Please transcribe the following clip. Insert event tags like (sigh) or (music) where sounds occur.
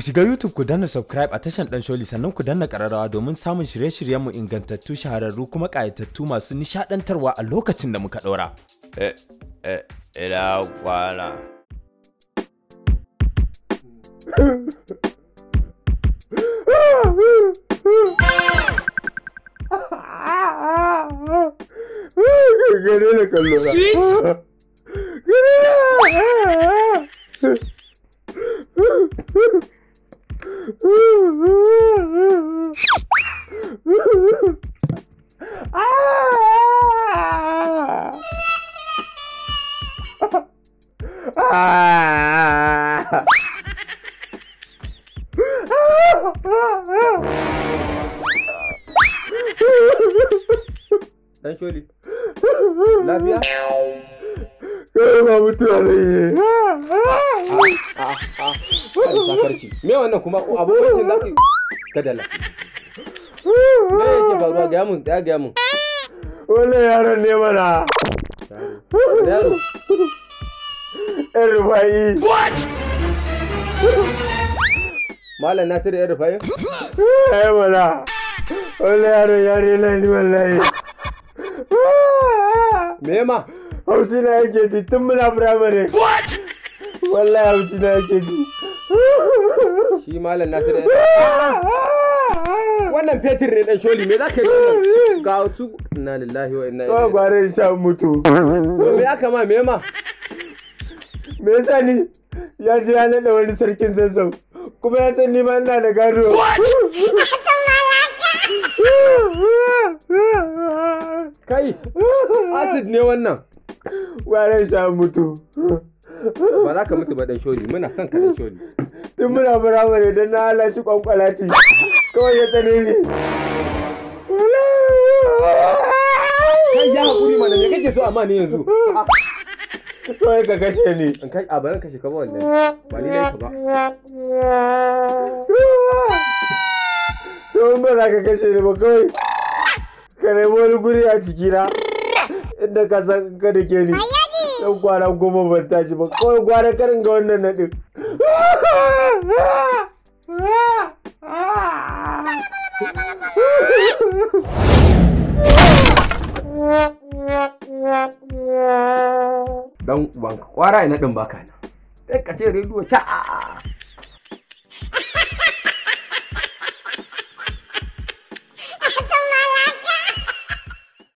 Ku shiga YouTube ku danna subscribe a tashan Dan Sholi sannan ku danna ƙararrawa domin samun shirye-shiryenmu ingantattu shahararru kuma ƙayatattu masu nishaɗantarwa a lokacin da muka ɗora. Eh, eh, Gare da kallo na. Gare da! Ah! Lafiya? ne. Sakarci. Me wannan kuma Me yake faruwa ga mun ga mun. Wannan yaron ne mana. Yaro. yan what malam Nasir yan Hei eh, mana Oleh yaron yare lani wallahi me ma hausi na yake ji tun muna what wallahi hausi na yake ji shi malam nasiru yan wannan Petir ne dan sholi me zaka yi ga su inna lillahi wa inna ilaihi to gware sha mutu me aka ma me ma me yasa ni ya je ya naɗa wani sarkin zazzau kuma ya san ni ma ina da gado kai acid ne wannan waran sha mutu ba za ka mutu ba dan shoni muna son ka dan shoni tun muna burawa ne don na hala shi kwankwalati kawai ya tsane ni kai ya haƙuri mana ne kake so amma ne yanzu (laughs) Kawai ka kashe ni. In kai a bari kashe kama wannan. Ba ni laifi ba. mun ba za ka kashe ni ba kawai. Ka nemi wani guri a na Inda ka san ka da ke ni. Dan kwana goma ban tashi ba. Kawai gwara karin ga wannan din Ah! (laughs) dan uwanka kwara ina din baka ne sai ka ce rediyo ta